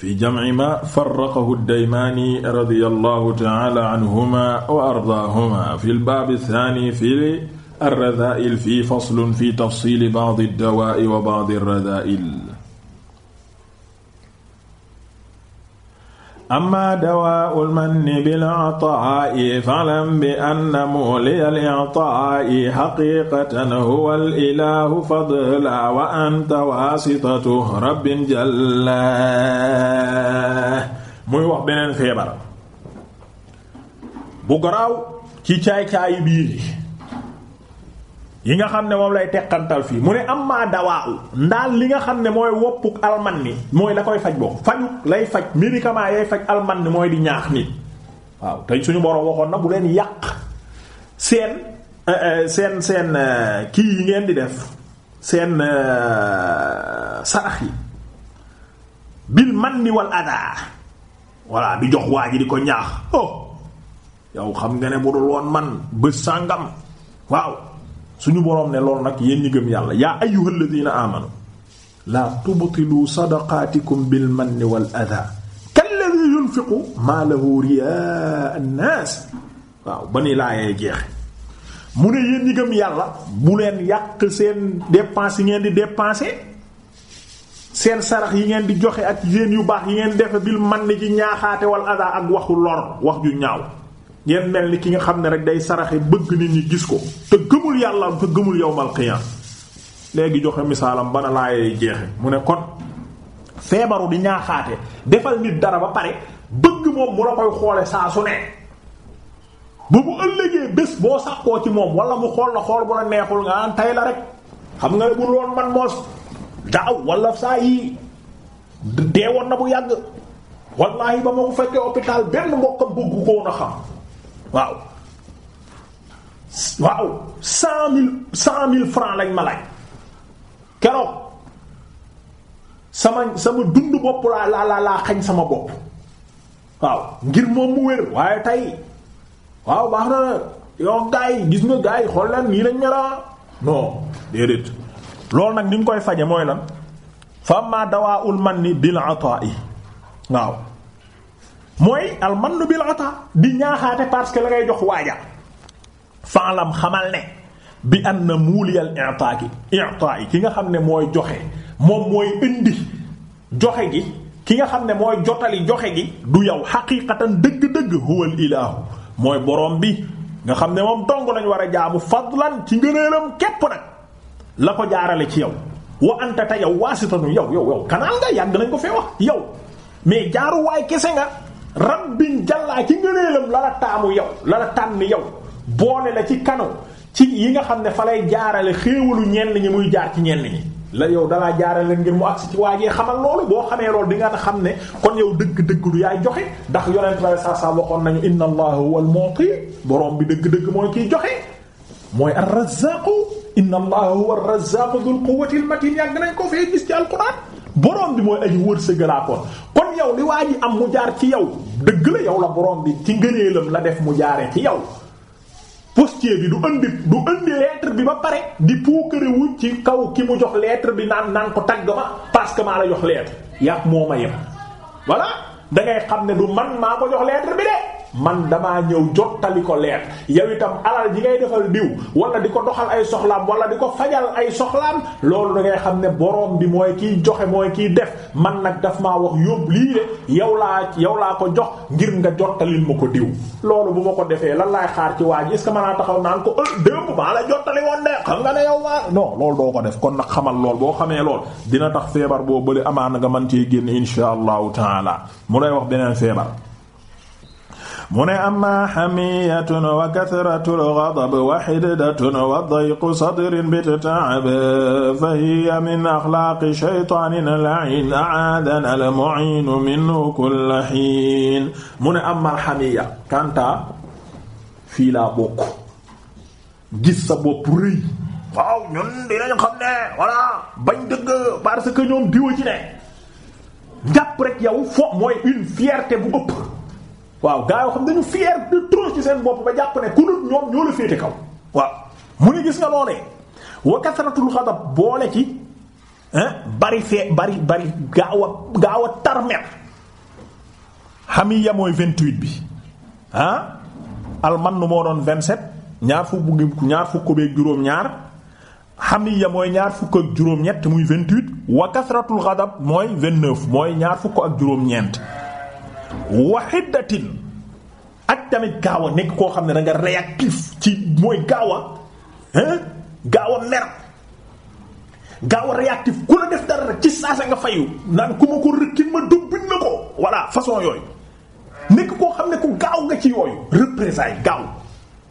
fi jamci ma farraqahu daymaani radiyallahu ta'ala anhuma wa ardaahuma fi lbaabi saani fi arradaa'il fi faslun fi tafsiili ba'di dawaa'i wa ba'di arradaa'il amma dawaa'ul manni bil i'taa'i fa'lam bi anna mu'liyal i'taa'i haqiiqatan huwal ilaahu fadlan wa anta waasitatu rabbin jalla muy wax beneen feebar bu garaaw ci caay-caayi biir yi nga xam ne moom lay teqantal fii mu ne am maa dawaawu ndaal li nga xam ne mooy woppuk almanni mooy la koy faj bokk fajuk lay faj médicament yay faj almanni mooy di ñaax nit waaw te suñu borom waxoon na bu leen yàq seen euh, euh, seen seen euh, kii yi ngeen di def seen sarax yi bil manni wal adaa voilà di jox waa ji di ko ñaax oh yow xam nga ne bu dul woon man bés sàngam waaw suñu boroom ne lool nag yéen ñi gëm yàlla yaa ayyuhal ladina amanu la tubtilu sadaqaatikum bil manni wal adha kalladhi yunfiqu maalahu riyaa an-naas waaw ba ni laayee jeexe mu ne yéen ñi gëm yàlla bu leen yàq seen dépense yi ngeen di dépenser seen sarax yi ngeen di joxe ak yéen yu baax yi ngeen defe bil manni ci ñaaxaate wa adha ak waxu lor wax ju ñaaw ngeen mel ni ki nga xam ne rek day saraxe bëgg nit ñi gis ko te gëmul yàlla te gëmul yawmal qiyaam léegi joxe misaalam bana laayee jeexe mu ne kon feebaru di ñaaxaate defal nit dara ba pare bëgg moom mu la koy xoole saa su ne ba bu ëllëgee bés boo sàkkoo ci moom wala mu xool la xool bu la neexul nga naan tay la rek xam nga bu loon man moos daaw wala saa yi woon na bu yàgg wallaahi ba ma ko fekkee hôpital benn mbokkam bëgg ko woon waaw waaw cent mille cent mille francs lañ ma laaj keroog sama sama dund bopp laa laa laa xañ sama bopp waaw ngir moom mu wér waaye tey waaw baax na yow gars yi gis nga gars yi xool lan nii lañ meraa ah. non déedéet loolu nag ni ñu koy faje mooy lan fa ma dawaa man ni bil ata'i waaw mooy al mannu bil ata di ñaaxaate parce que la ngay jox waaja faalam xamal ne bi an na muuliyal i'ta gi i'ta yi ki nga xam ne mooy joxe moom mooy indi joxe gi ki nga xam ne mooy jotali joxe gi du yow xaqiqatan dëgg-dëgg huwal ilaahu mooy borom bi nga xam ne moom dong nañu war a jaamu fadlan ci ngëneelam képp nag la ko jaarale ci yow wa anta te yow waasitanu yow yow yow kanaan nga yàgg nañ ko fee wax yow mais jaaruwaay kese nga rabbiñ jàllaa ci ngëneelam la la taamu yow la la tànn yow boole la ci kanaw ci yi nga xam ne fa lay jaarale xéewalu ñenn ñi muy jaar ci ñenn ñi la yow dalaa jaarale ngir mu agsi ci waajee xamal loolu boo xamee loolu di nga xam ne kon yow dëgg-dëgg du yaay joxe ndax yonent la saa saa waxoon nañu inna allaha huwal mu'ti boroom bi dëgg-dëgg mooy kiy joxe mooy ar-razzaq inna allaha huwar razzaq dhul quwwati al matin yàgg nañ ko fee gis ci alquran borom bi mooy aji wërsëgalaakoon yow li waa ji am mu jaar ci yow dëgg la yow la borom bi ci ngëneelam la def mu jaaree ci yow postier bi du indi du indi lettre bi ba pare di puukare wu ci kaw ki mu jox lettre bi naan naan ko tagg ma parce que maa la jox lettre yàq moo ma yem voilà da xam ne du man maa ko jox lettre bi de. man damaa ñëw jottali ko leer yow itam alal ji ngay defal diw wala di ko doxal ay soxlaam wala di ko fajal ay soxlaam loolu da ngay xam ne borom bi mooy kiy joxe mooy kiy def man nag daf ma wax yóbbu lii de yow laa yow laa ko jox ngir nga jottalil ma ko diw. loolu bu ma ko defee lan laay xaar ci waa ji est-ce que naa taxaw naan ko ëllëg démb maa la jottali woon de xam nga ne yow maa non loolu doo ko def kon nag xamal lool boo xamee lool dina tax feebar boo bëri amaana nga mën cee génn insha allahu taala mu lay wax beneen feebar. mu ne amma hamiyatun wa kathratul ghadab wa hidatun wa dayqu sadrin bitataab fa hiya min axlaaqi shaytaanin la'in a'aadana al-mu'iinu minhu kulla hiin mu ne amma hamiya kanta fii laa bokk gis sa bopp rëy waaw ñun dinañ xam ne voilà bañ dëgg parce que ñoom diwa ci ne jàpp rek yow fo mooy une fierté bu ëpp waaw gaa yoo xam dañu fier de trop ci seen bopp ba jàpp ne ku dul ñoom ñoo la féete kaw waaw mu ne gis nga loolee wa kasratul xadab boole ci bari fee bari bari gaaw a gaaw a tarmet xamiya mooy vingt-huit bi ah almannu moo vingt-sept ñaar fukk bu ñaar fukk beeg juróom-ñaar mooy ñaar fukk ak juróom-ñett muy vingt wa kasratul xadab mooy vingt-neuf mooy ñaar fukk ak juróom-ñeent waxidatin ak tamit gaaw a nekk koo xam ne da nga réactif ci mooy gaawa a hein gaaw a mer gaaw réactif ku la def dara rek ci saasa nga fayu naan ku ma ko rëkkin ma dubbin na ko voilà façon yooyu nekk koo xam ne ku gaaw nga ci yooyu représailles gaaw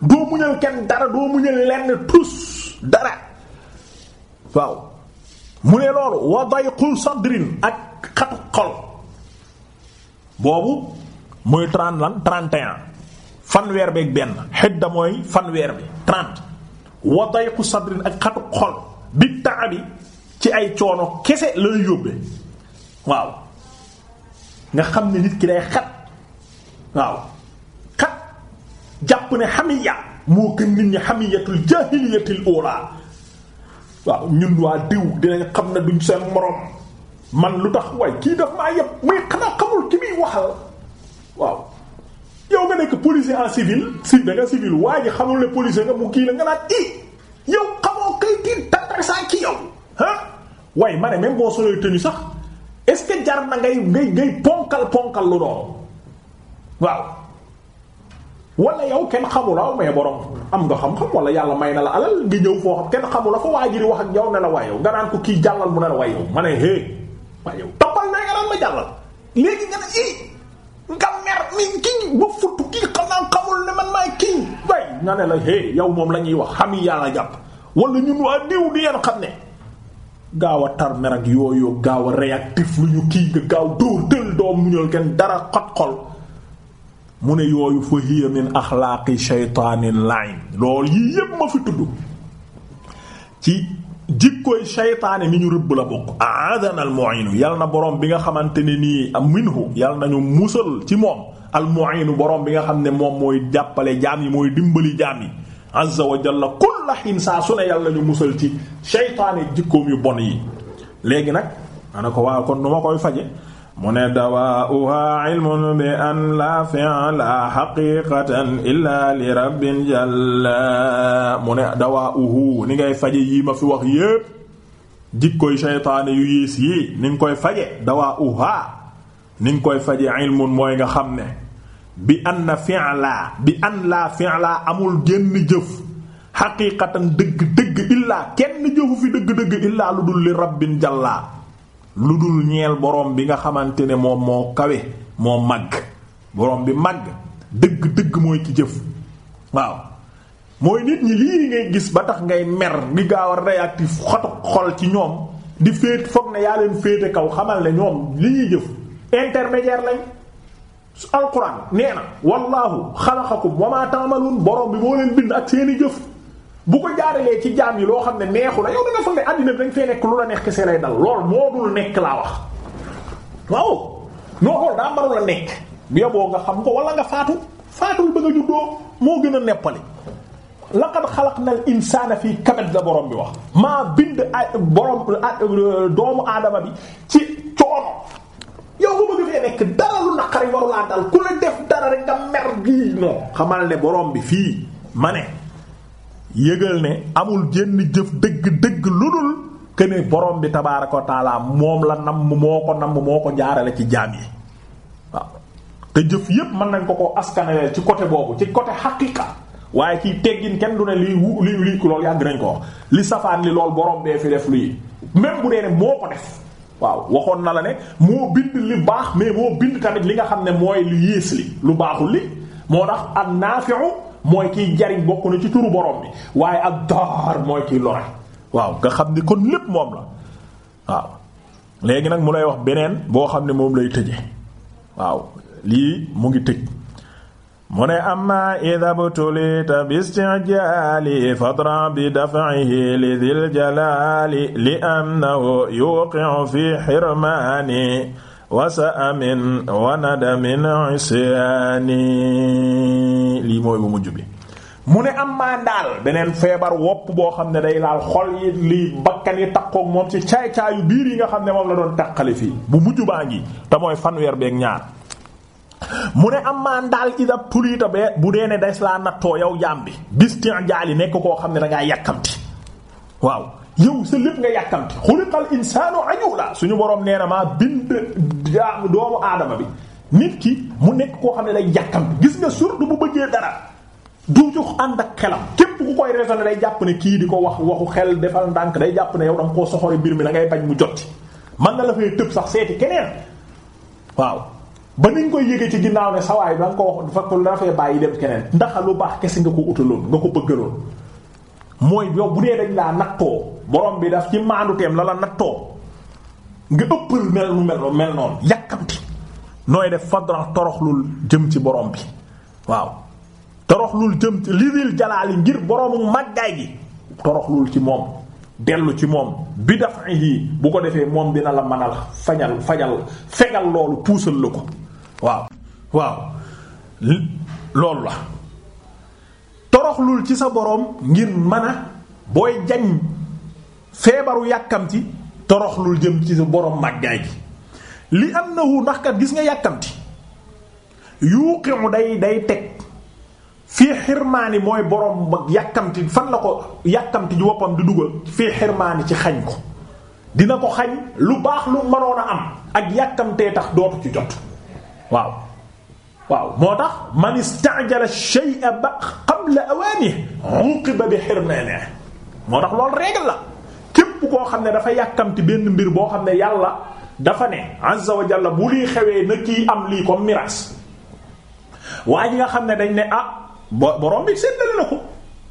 doo muñal kenn dara doo mu muñal lenn tous dara waaw mu ne loolu wa dayqul sadrin ak xatu xol boobu muy trente lan trente et un fanweer beeg benn xidda mooy fanweer bi trente wa dayqu sadrin ak xatu xol bi taabi ci ay coono kese la yóbbe waaw nga xam ne nit ki day xat waaw xat jàpp ne xamiya moo gën nit ñi xamiyatul jaahiliyatil ula waaw ñun waa diw dinañ xam na duñ seen moroom man lu tax waay kii daf maa yëpp muy xanaa xamul ki muy waxal waaw yow nga nekk policier en civil si da nga civil waa ji xamul ne policier nga mu kii la nga naan eh, yow xamoo kay kii ki yow ah waaye ma ne même sax est-ce jar na ngay ngay ngay ponkal ponkal lu doon waaw wala kenn xamula mais borom am nga xam-xam wala yàlla may la alal nga ñëw foo xam kenn xamula fa waa ji di wax ak la waayow nga naan ko kii jàllal mu ne la waayow ma ne hé ma yow toppal naa nga daan ma jàllal léegi nga ne i nga mer mi kii ba futu kii xam naa xamul ne man maay kii way nga ne la é yow moom la ñuy wax xam yi yàlla jàpp wala ñun waa diw di yeen xam ne gaaw a ak yooyu gaaw a réactif lu ñu kii nga gaaw dóor tël doom muñal kenn dara xot xol mu ne yooyu fa hiya min axlaaqi shaytaanil lain loolu yii yépp ma fi tudd ci jikkooy saytaane mi ñu rëbb la bokk aadana al mu'inu yal na boroom bi nga xamante ne nii minhu yal nañu musal ci moom al mu'inu borom bi nga xam ne moom mooy jàppale jaam yi mooy dimbali jaam yi azza wa jalla kulla hin saa su ne yal nañu musal ci saytaane jikkoom yu bon yi léegi nag ana ko waaw kon nu ma koy faje mu ne dawaa'uhaa ilmun bi an laa fi'la haqiqatan illaa li rabbin jalla mu ne dawaa'uhu ni ngay faje yii ma fi wax yépp jikkoy seytaane yu yiis yii ni nga koy faje dawaa'uhaa ni nga koy faje ilmun mooy nga xam ne bi an na fi'la bi an laa fi'la amul génn jëf haqiqatan dëgg dëgg illaa kenn jëfu fi dëgg dëgg illaa lu dul li rabbin jalla lu dul ñeel borom bi nga xamante ne moom moo kawe moo màgg borom bi màgg dëgg dëgg mooy ci jëf waaw mooy nit ñi lii ngay gis ba tax ngay mer bi gaaw a réactif xotu xol ci ñoom di féet foog na yaa leen féete kaw xamal ne ñoom li ñuy jëf intermédiaire lañ alquran nee na wallaahu xalaqakum wa ma ta'malun borom bi moo leen bind ak seeni jëf bu ko jaaralee ci jaam yi loo xam ne neexu la yow da nga foog ne àddina bi dañ fee nekk lu la neex kese lay dal lool moo dul nekk laa wax waaw noo xool daa mbaru nekk bu yoboo nga xam ko wala nga faatu faatul moo gën a neppali laqad xalaqna al insana fii kabad la wax maa bind ay doomu aadama bi ci coono yow nga bëgg fee nekk dara lu naqari warulaa dal ku la def dara rek nga mer gi non xamal ne borom bi fii ma ne yëgal ne amul jenn jëf dëgg-dëgg lu dul que ne borom bi tabaaraka wa taala moom la namm moo ko nam moo ko jaarale ci jaam yi waaw te jëf yépp mën nañ ko ko askanale ci côté boobu ci côté xaqiqa waaye ci teggin kenn du ne lii wu lii lii loolu yàgg nañ ko li safaan li lool borom bee fi def luy même bu dee ne moo ko def waaw waxoon na la ne moo bind li baax mais moo bind tamit li nga xam ne mooy lu yées li lu baaxul li moo tax an-nafi'u mooy kii jariñ bokk ci turu borom bi waaye ab daar mooy kiy lore waaw nga xam ni kon lépp moom la waaw léegi nag mu lay wax beneen boo xam ne moom lay tëje waaw lii mu ngi tëj mu ne amma idha btulita bi isti'jali fadra bi daf'ihi li dhil jalali li annahu yuqi'u fi hirmani wasa amin wanadamin isyaani lii mooy bu mujj bi mu ne am maa daal beneen feebar wopp boo xam ne day laal xol yi lii bakkan yi takkook moom ci caay caayu biir yi nga xam ne moom la doon takkale fii bu mujj baa ngi te mooy fanweer beeg ñaar mu ne am maa daal idab a be bu dee ne des laa nattoo yow jaam bi bistin jaal yi nekk koo xam ne dangaa yàkkamti waaw yow sa lépp nga yàkkamti xuliqal insaanu ajula suñu borom nee na maa bind jaamu doomu aadama bi nit ki mu nekk koo xam ne day yàkkamti gis nga surtout bu bëggee dara du jox ànd ak xelam képp ku koy raisonné day jàpp ne kii di ko wax waxu xel defal ndànk day jàpp ne yow da koo soxore mbir mi da ngay bañ mu jot man na la fay tëb sax seeti keneen waaw ba niñ koy yëgee ci ginnaaw ne sawaay da nga ko wax dafa ko dafay bàyyi dem keneen ndax lu baax kese nga ko utaloon nga ko bëggaloon mooy yow bu dee dañ borom bi daf ci maandu teem la la nattoo nga ëppal mel nu mel mel noonu yàkkamti nooy def fadra toroxlul jëm ci borom bi waaw toroxlul jëm ci li dil jalaali ngir mag màggaay gi toroxlul ci moom dellu ci moom bi dafahi bu ko defee moom dina la mënal fañal fajal fegal loolu puusal la ko waaw waaw loolu la toroxlul ci sa boroom ngir mën a booy jañ feebaru yàkkamti toroxlul jëm ci borom màggaay gi li annahu ndax kat gis nga yàkkamti yuqi'u day day teg fii xirmaani mooy borom ba yàkkamti fan la ko yàkkamti ji woppam di dugal fii xirmaani ci xañ ko dina ko xañ lu baax lu mënoon a am ak yàkkamtee tax dootu ci jot waaw waaw moo tax man ista'jala shay'a qabla awaanihi uqiba bi hirmanihi moo tax loolu régal la képp koo xam ne dafa yàkkamti benn mbir boo xam ne yàlla dafa ne azza wa jalla bu lii xewee na kii am lii comme miraas waa ji nga xam ne dañ ne ah borom bi séddale na ko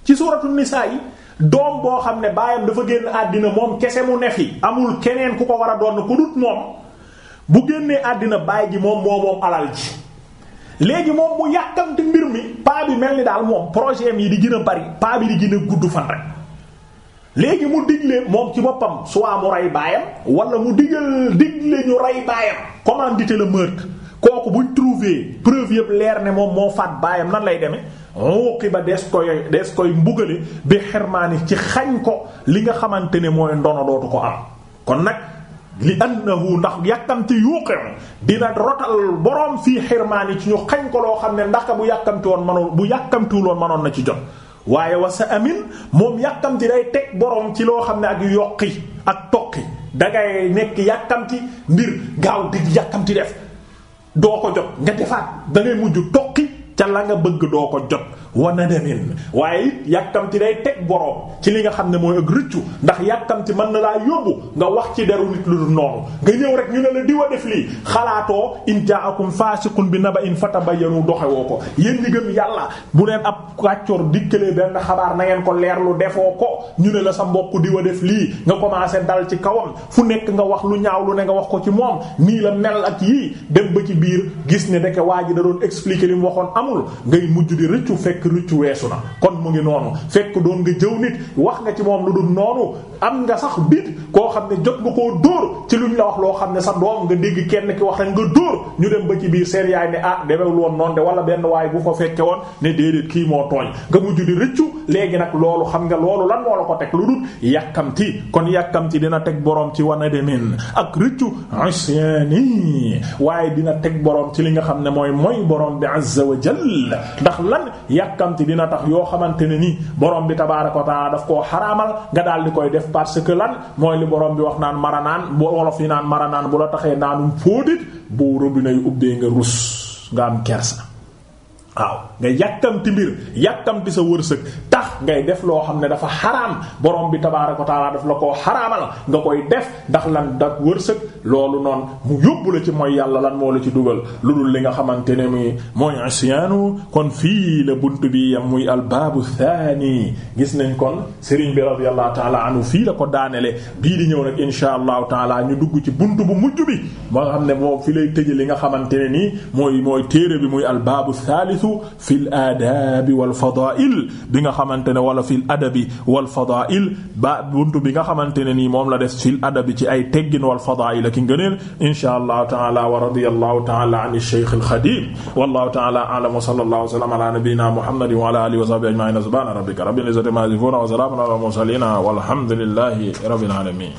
ci suuratu nisaa yi doom boo xam ne baayam dafa génn àddina moom kese mu ne fi amul keneen ku ko war a doon ku dut moom bu génnee àddina baay ji moom moo moom alal ji léegi moom mu yàkkamti mbir mi paa bi mel ni daal moom projet yi di gën a bari paa bi di gën a gudd fan rek léegi mu digle moom ci boppam soit mu rey baayam wala mu digal digle ñu rey baayam commandité le meurtre kooku buñ trouver preuve yëpp leer ne moom moo faat baayam nan lay demee uqi ba des koy des koy mbugale bi xirmaani ci xañ ko li nga xamante ne mooy ndono dootu ko am kon nag li annahu ndax yàkkamti yuqim dina rotal boroom fii xirmaani ci ñu xañ ko loo xam ne ndax bu yàkkamti woon manoon bu yàkkamtiwuloon manoon na ci jot waaye wasa amin moom yàkkamti day teg borom ci loo xam ne ak yokki ak tokki dangay nekk yàkkamti mbir gaaw di yàkkamti def doo ko jot nga defaat dangay mujj tokki ca la nga bëgg doo ko jot wa nadamin waaye it yàkkamti day teg boroom ci li nga xam ne mooy ak rëccu ndax yàkkamti mën na laa yóbbu nga wax ci deru nit lu dul noonu nga ñëw rek ñu ne la diwa def lii xalaatoo in ja'akum fasiqun bi na naba'in fatabayyanu doxewoo ko yéen ñi yàlla bu leen ab kàccoor dikkalee benn xabaar na ngeen ko leerlu defoo ko ñu ne la sa mbokk diwa def lii nga commencé dal ci kawam fu nekk nga wax lu ñaaw lu ne nga wax ko ci moom nii la mel ak yii dem ba ci biir gis ne deke waa ji da doon li mu waxoon amul ngay mujj di rëccu fekk rëccu weesu na kon mu ngi noonu fekk doon nga jëw nit wax nga ci moom lu dul noonu am nga sax bit koo xam ne jot nga koo dóor ci luñ la wax loo xam ne sa doom nga dégg kenn ki wax rek nga dóor ñu dem ba ci biir seen yaay ne ah demewul woon noonu wala benn waay bu ko fekke woon ne déedéet kii moo tooñ nga mujj di rëccu léegi nag loolu xam nga loolu lan moo ko teg lu dul yàkkamti kon yàkkamti dina teg boroom ci wana demin ak rëccu isyani waaye dina teg boroom ci li nga xam ne mooy mooy boroom bi azza wa jall ndax lan yàkk yàkkamti dina tax yoo xamante ne nii borom bi tabaaraka ko taala daf koo xaraamal nga daal di koy def parce que lan mooy li borom bi wax naan maranaan bu wolof yi naan maranaan bu la taxee naanum fóodit boo robinet yu ubbee nga rus nga am kersa. waaw nga yàkkamti mbir yàkkamti sa wërsëg tax ngay def loo xam ne dafa xaraam borom bi tabaaraka wa taala daf la koo xaraamal nga koy def ndax lan dak wërsëg loolu noonu mu yóbbu la ci mooy yàlla lan moo la ci dugal lu dul li nga xamante ne muy mooy asyaanu kon fii la bunt bi yam muy albaabu thani gis nañ kon sëriñ bi radiyallahu taala anhu fii la ko daanele bii di ñëw nag insha allahu taala ñu dugg ci bunt bu mujj bi moo xam ne moom fi lay tëje li nga xamante nii mooy mooy téere bi muy albaabu thalithu alxadiisu fil aadaabi wal fadaa'il bi nga xamante ne wala fil adabi wal fadaa'il ba buntu bi nga xamante ne nii moom la def fil adabi ci ay teggin wal fadaa'il ak ngëneel inshaa allahu taala wa radiyallahu taala an ash-shaykh al-xadiim wallahu taala a'lam wa sallallahu wa sallama ala nabiyyina muhammadin wa ala alihi wa sahbihi ajma'in subhana rabbika rabbil izzati amma yasifun wa salamun ala al-mursalin walhamdulillahi rabbil alamin